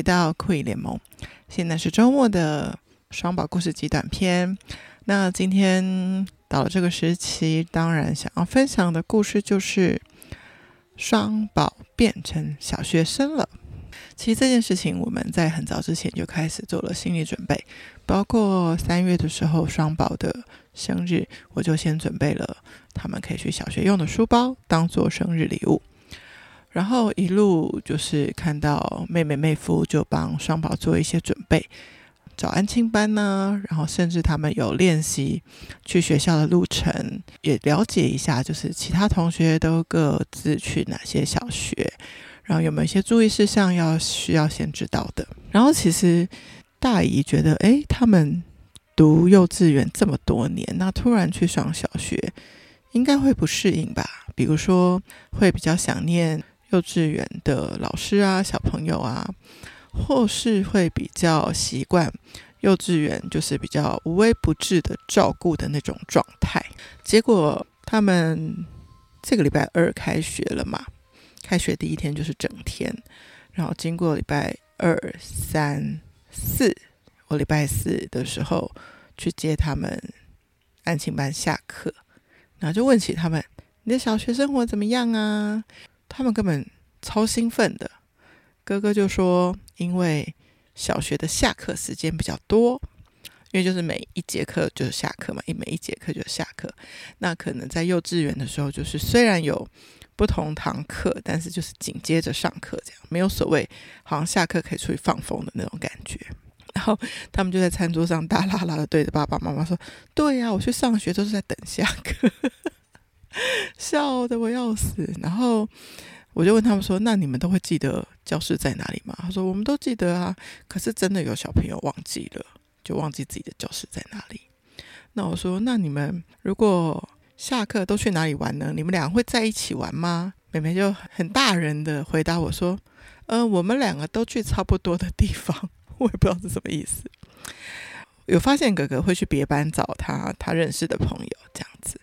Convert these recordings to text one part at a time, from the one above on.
回到酷伊聯盟，現在是週末的雙寶故事極短篇。那今天到了這個時期，當然想要分享的故事就是雙寶變成小學生了。其實這件事情我們在很早之前就開始做了心理準備，包括三月的時候雙寶的生日，我就先準備了他們可以去小學用的書包當做生日禮物。然後一路就是看到妹妹妹夫就幫雙寶做一些準備，找安親班呢、啊，然後甚至他們有練習去學校的路程，也了解一下，就是其他同學都各自去哪些小學，然後有沒有一些注意事項要需要先知道的。然後其實大姨覺得，哎，他們讀幼稚園這麼多年，那突然去上小學，應該會不適應吧？比如說會比較想念。幼稚園的老師啊，小朋友啊，或是會比較習慣幼稚園，就是比較無微不至的照顧的那種狀態。結果他們這個禮拜二開學了嘛，開學第一天就是整天，然後經過禮拜二、三、四，我禮拜四的時候去接他們，安親班下課，然後就問起他們：“你的小學生活怎麼樣啊？”他們根本超興奮的，哥哥就說：“因為小學的下課時間比較多，因為就是每一節課就是下課嘛，一每一節課就下課。那可能在幼稚園的時候，就是雖然有不同堂課，但是就是緊接着上課，這樣沒有所謂好像下課可以出去放風的那種感覺。然後他們就在餐桌上大啦啦的對着爸爸媽媽說：‘對呀，我去上學都是在等下課。’”笑得我要死，然後我就問他們說：“那你們都會記得教室在哪裡嗎？”他說：“我們都記得啊。”可是真的有小朋友忘記了，就忘記自己的教室在哪裡。那我說：“那你們如果下課都去哪裡玩呢？你們倆會在一起玩嗎？”妹妹就很大人的回答我說：“嗯、呃，我們兩個都去差不多的地方。”我也不知道是什麼意思。有發現哥哥會去別班找他他認識的朋友，這樣子。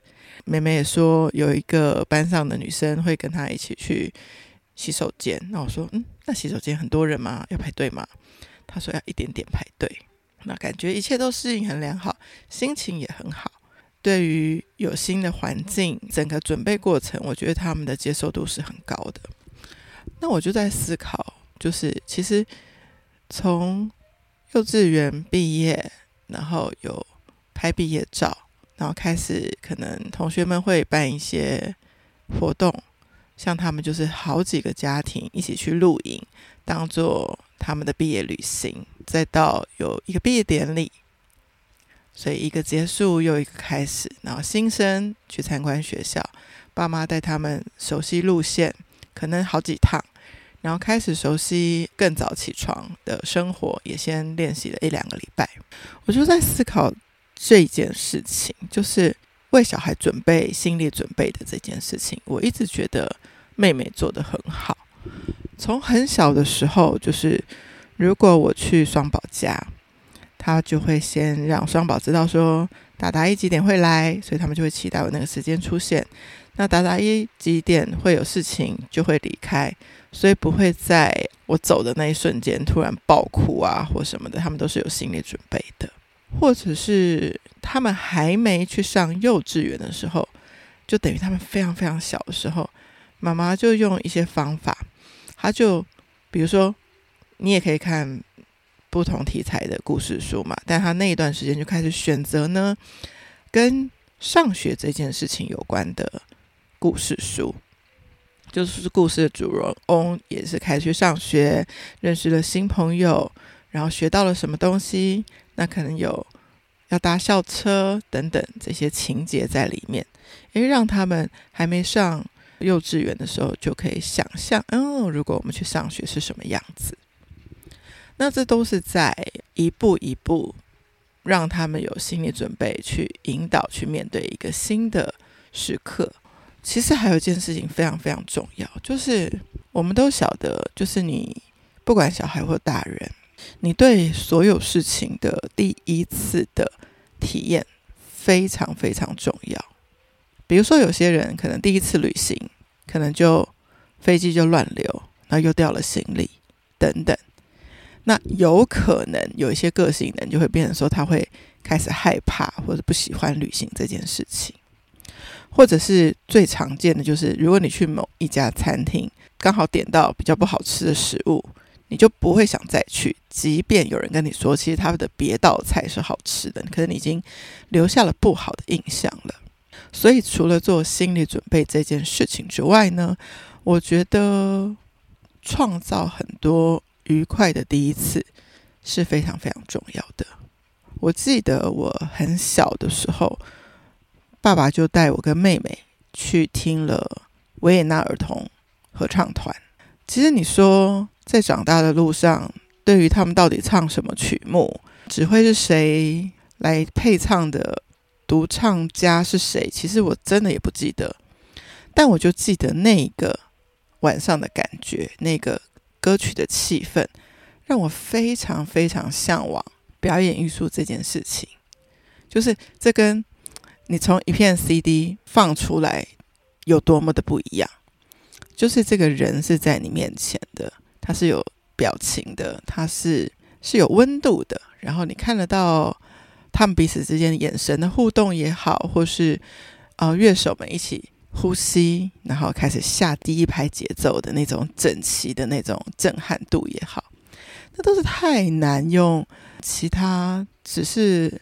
妹妹也說，有一個班上的女生會跟她一起去洗手間。那我說，嗯，那洗手間很多人嗎？要排隊嗎她說要一點點排隊。那感覺一切都適應很良好，心情也很好。對於有新的環境，整個準備過程，我覺得他們的接受度是很高的。那我就在思考，就是其實從幼稚園畢業，然後有拍畢業照。然後開始，可能同學們會辦一些活動，像他們就是好幾個家庭一起去露營，當做他們的畢業旅行，再到有一個畢業典禮，所以一個結束又一個開始。然後新生去參觀學校，爸媽帶他們熟悉路線，可能好幾趟，然後開始熟悉更早起床的生活，也先練習了一兩個禮拜。我就在思考。這件事情就是為小孩準備、心理準備的這件事情，我一直覺得妹妹做得很好。從很小的時候，就是如果我去雙寶家，他就會先讓雙寶知道說達達姨幾點會來，所以他們就會期待我那個時間出現。那達達姨幾點會有事情就會離開，所以不會在我走的那一瞬間突然爆哭啊或什麼的，他們都是有心理準備的。或者是他們還沒去上幼稚園的時候，就等於他們非常非常小的時候，媽媽就用一些方法，他就比如說，你也可以看不同題材的故事書嘛。但他那一段時間就開始選擇呢，跟上學這件事情有關的故事書，就是故事的主人公也是開始去上學，認識了新朋友，然後學到了什麼東西。那，可能有要搭校車等等這些情節在裡面，因為讓他們還沒上幼稚園的時候就可以想象，嗯，如果我們去上學是什麼樣子，那這都是在一步一步讓他們有心理準備，去引導，去面對一個新的時刻。其實還有一件事情非常非常重要，就是我們都曉得，就是你不管小孩或大人。你對所有事情的第一次的體驗非常非常重要。比如說，有些人可能第一次旅行，可能就飛機就亂流，然後又掉了行李等等。那有可能有一些個性的人就會變成說，他會開始害怕或者不喜歡旅行這件事情。或者是最常見的，就是如果你去某一家餐廳，剛好點到比較不好吃的食物。你就不會想再去，即便有人跟你說，其實他們的別道菜是好吃的，可是你已經留下了不好的印象了。所以，除了做心理準備這件事情之外呢，我覺得創造很多愉快的第一次是非常非常重要的。我記得我很小的時候，爸爸就帶我跟妹妹去聽了維也納兒童合唱團。其實你說，在長大的路上，對於他們到底唱什麼曲目，指揮是誰，來配唱的，獨唱家是誰，其實我真的也不記得。但我就記得那個晚上的感覺，那個歌曲的氣氛，讓我非常非常向往表演藝術這件事情。就是這跟你從一片 CD 放出來有多麼的不一樣。就是這個人是在你面前的，他是有表情的，他是是有溫度的。然後你看得到他們彼此之間的眼神的互動也好，或是呃樂手們一起呼吸，然後開始下第一拍節奏的那種整齊的那種震撼度也好，那都是太難用其他只是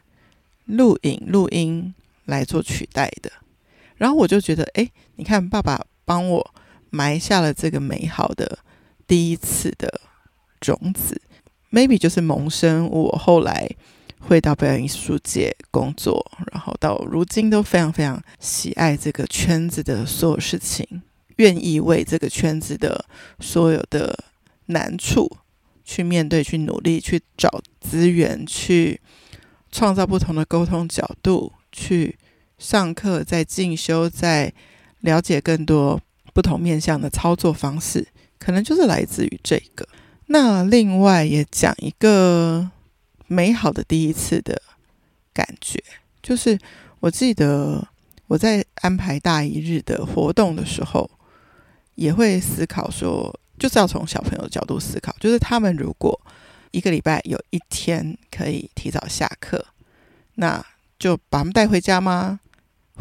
錄影錄音來做取代的。然後我就覺得，哎，你看，爸爸幫我。埋下了這個美好的第一次的種子，maybe 就是萌生我後來會到表演藝術界工作，然後到如今都非常非常喜愛這個圈子的所有事情，願意為這個圈子的所有的難處去面對、去努力、去找資源、去創造不同的溝通角度、去上課、再進修、再了解更多。不同面向的操作方式，可能就是來自於這個。那另外也講一個美好的第一次的感覺，就是我記得我在安排大一日的活動的時候，也會思考說，就是要從小朋友的角度思考，就是他們如果一個禮拜有一天可以提早下課，那就把他們帶回家嗎？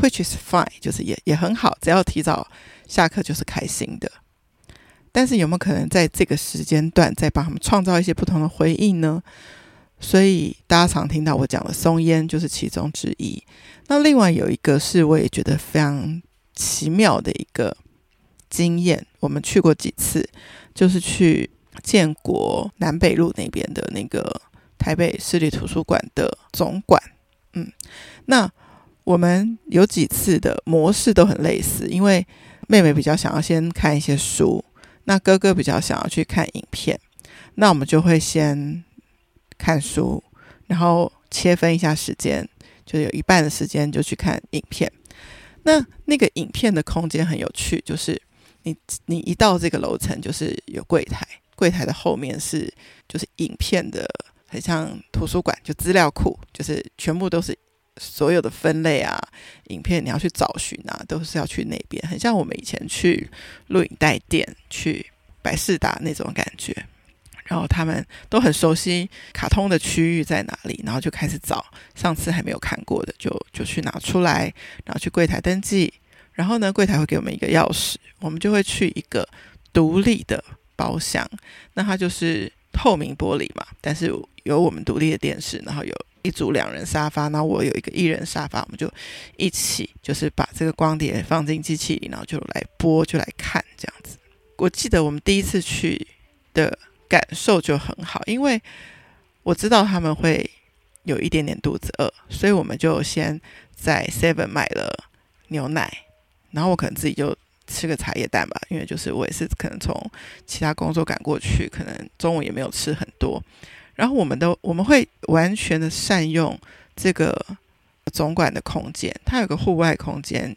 Which is fine，就是也也很好，只要提早下課就是開心的。但是有沒有可能在這個時間段再幫他們創造一些不同的回憶呢？所以大家常聽到我講的松菸就是其中之一。那另外有一個是我也覺得非常奇妙的一個經驗，我們去過幾次，就是去建國南北路那邊的那個台北市立圖書館的總館。嗯，那。我們有幾次的模式都很類似，因為妹妹比較想要先看一些書，那哥哥比較想要去看影片，那我們就會先看書，然後切分一下時間，就有一半的時間就去看影片。那那個影片的空間很有趣，就是你你一到這個樓層，就是有櫃檯，櫃檯的後面是就是影片的，很像圖書館，就資料庫，就是全部都是。所有的分類啊，影片你要去找尋啊，都是要去那邊，很像我們以前去錄影帶店、去百事達那種感覺。然後他們都很熟悉卡通的區域在哪裡，然後就開始找上次還沒有看過的，就就去拿出來，然後去櫃檯登記。然後呢，櫃檯會給我們一個鑰匙，我們就會去一個獨立的包廂，那它就是透明玻璃嘛，但是有我們獨立的電視，然後有。一組兩人沙發，然後我有一個一人沙發，我們就一起就是把這個光碟放進機器裡，然後就來播，就來看，這樣子。我記得我們第一次去的感受就很好，因為我知道他們會有一點點肚子餓，所以我們就先在 Seven 買了牛奶，然後我可能自己就吃個茶葉蛋吧，因為就是我也是可能從其他工作趕過去，可能中午也沒有吃很多。然後，我們的我們會完全的善用這個總館的空間。它有個戶外空間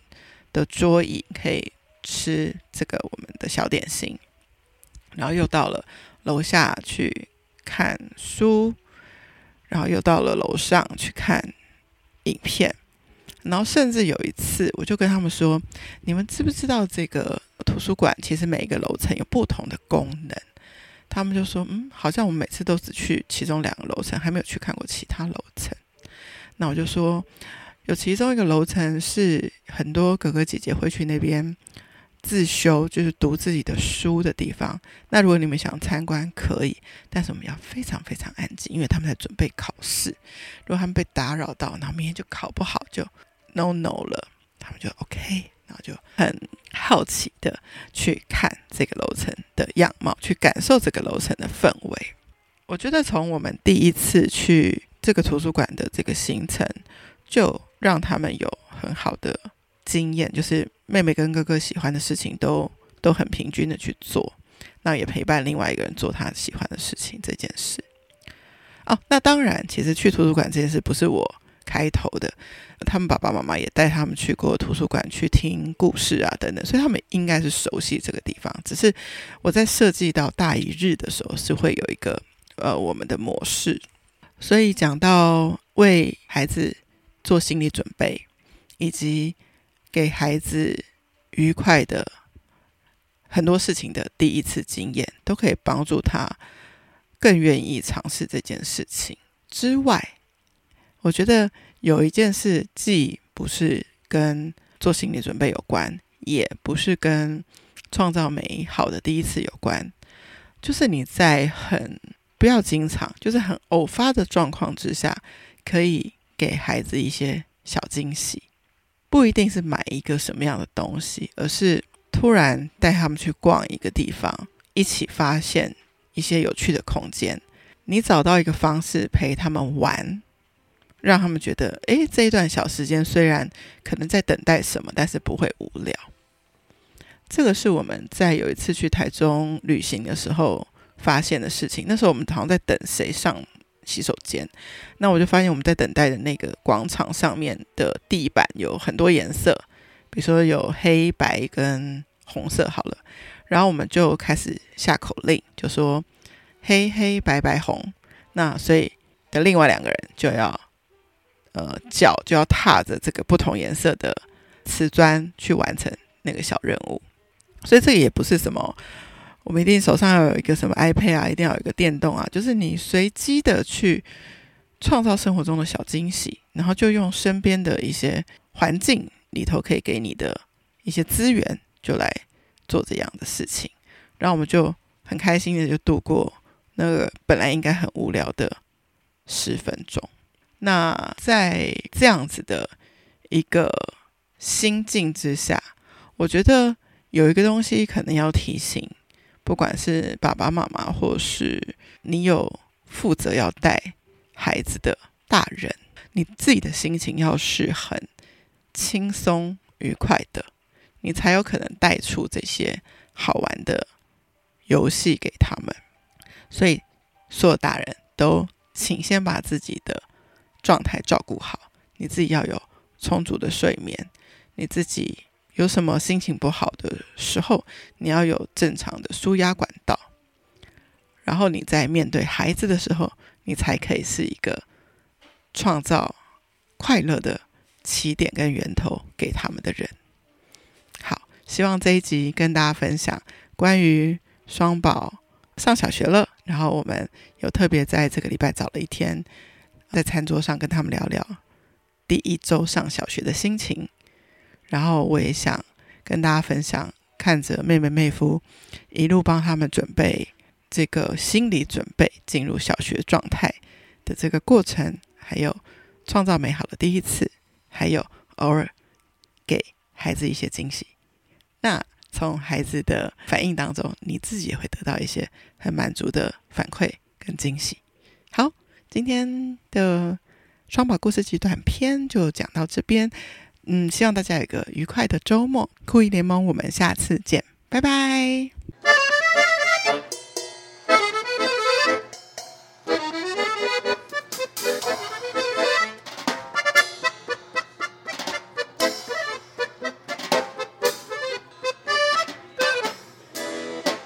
的桌椅，可以吃這個我們的小點心。然後又到了樓下去看書，然後又到了樓上去看影片。然後甚至有一次，我就跟他們說：“你們知不知道這個圖書館其實每個樓層有不同的功能？”他們就說：“嗯，好像我們每次都只去其中兩個樓層，還沒有去看過其他樓層。”那我就說：“有其中一個樓層是很多哥哥姐姐會去那邊自修，就是讀自己的書的地方。那如果你們想參觀，可以，但是我們要非常非常安靜，因為他們在準備考試。如果他們被打擾到，那明天就考不好，就 no no 了。他們就 ok。”然後就很好奇的去看這個樓層的樣貌，去感受這個樓層的氛圍。我覺得從我們第一次去這個圖書館的這個行程，就讓他們有很好的經驗，就是妹妹跟哥哥喜歡的事情都都很平均的去做，那也陪伴另外一個人做他喜歡的事情這件事。哦，那當然，其實去圖書館這件事不是我。開頭的，他們爸爸媽媽也帶他們去過圖書館去聽故事啊等等，所以他們應該是熟悉這個地方。只是我在設計到大一日的時候，是會有一個呃我們的模式。所以講到為孩子做心理準備，以及給孩子愉快的很多事情的第一次經驗，都可以幫助他更願意嘗試這件事情之外。我覺得有一件事，既不是跟做心理準備有關，也不是跟創造美好的第一次有關，就是你在很不要經常，就是很偶發的狀況之下，可以給孩子一些小驚喜，不一定是買一個什麼樣的東西，而是突然帶他們去逛一個地方，一起發現一些有趣的空間。你找到一個方式陪他們玩。讓他們覺得，哎，這一段小時間雖然可能在等待什麼，但是不會無聊。這個是我們在有一次去台中旅行的時候發現的事情。那時候我們好像在等誰上洗手間，那我就發現我們在等待的那個廣場上面的地板有很多顏色，比如說有黑白跟紅色。好了，然後我們就開始下口令，就說黑黑白白白紅。那所以的另外兩個人就要。呃，腳就要踏着這個不同顏色的瓷磚去完成那個小任務，所以這個也不是什麼，我們一定手上要有一個什麼 iPad 啊，一定要有一個電動啊，就是你隨機的去創造生活中的小驚喜，然後就用身邊的一些環境裡頭可以給你的一些資源，就來做這樣的事情，然後我們就很開心的就度過那個本來應該很無聊的十分鐘。那在這樣子的一個心境之下，我覺得有一個東西可能要提醒，不管是爸爸媽媽或是你有負責要帶孩子的大人，你自己的心情要是很輕鬆愉快的，你才有可能帶出這些好玩的遊戲給他們。所以，所有大人都請先把自己的狀態照顧好你自己，要有充足的睡眠。你自己有什麼心情不好的時候，你要有正常的舒壓管道。然後你在面對孩子的時候，你才可以是一個創造快樂的起點跟源頭給他們的人。好，希望這一集跟大家分享關於雙寶上小學了。然後我們有特別在這個禮拜找了一天，在餐桌上跟他們聊聊第一周上小學的心情，然後我也想跟大家分享看着妹妹妹夫一路幫他們準備這個心理準備進入小學狀態的這個過程，還有創造美好的第一次，還有偶爾給孩子一些驚喜。那從孩子的反應當中，你自己也會得到一些很滿足的反饋跟驚喜。今天的雙寶故事極短篇就講到這邊，嗯，希望大家有一個愉快的周末。酷藝聯盟，我們下次見，拜拜。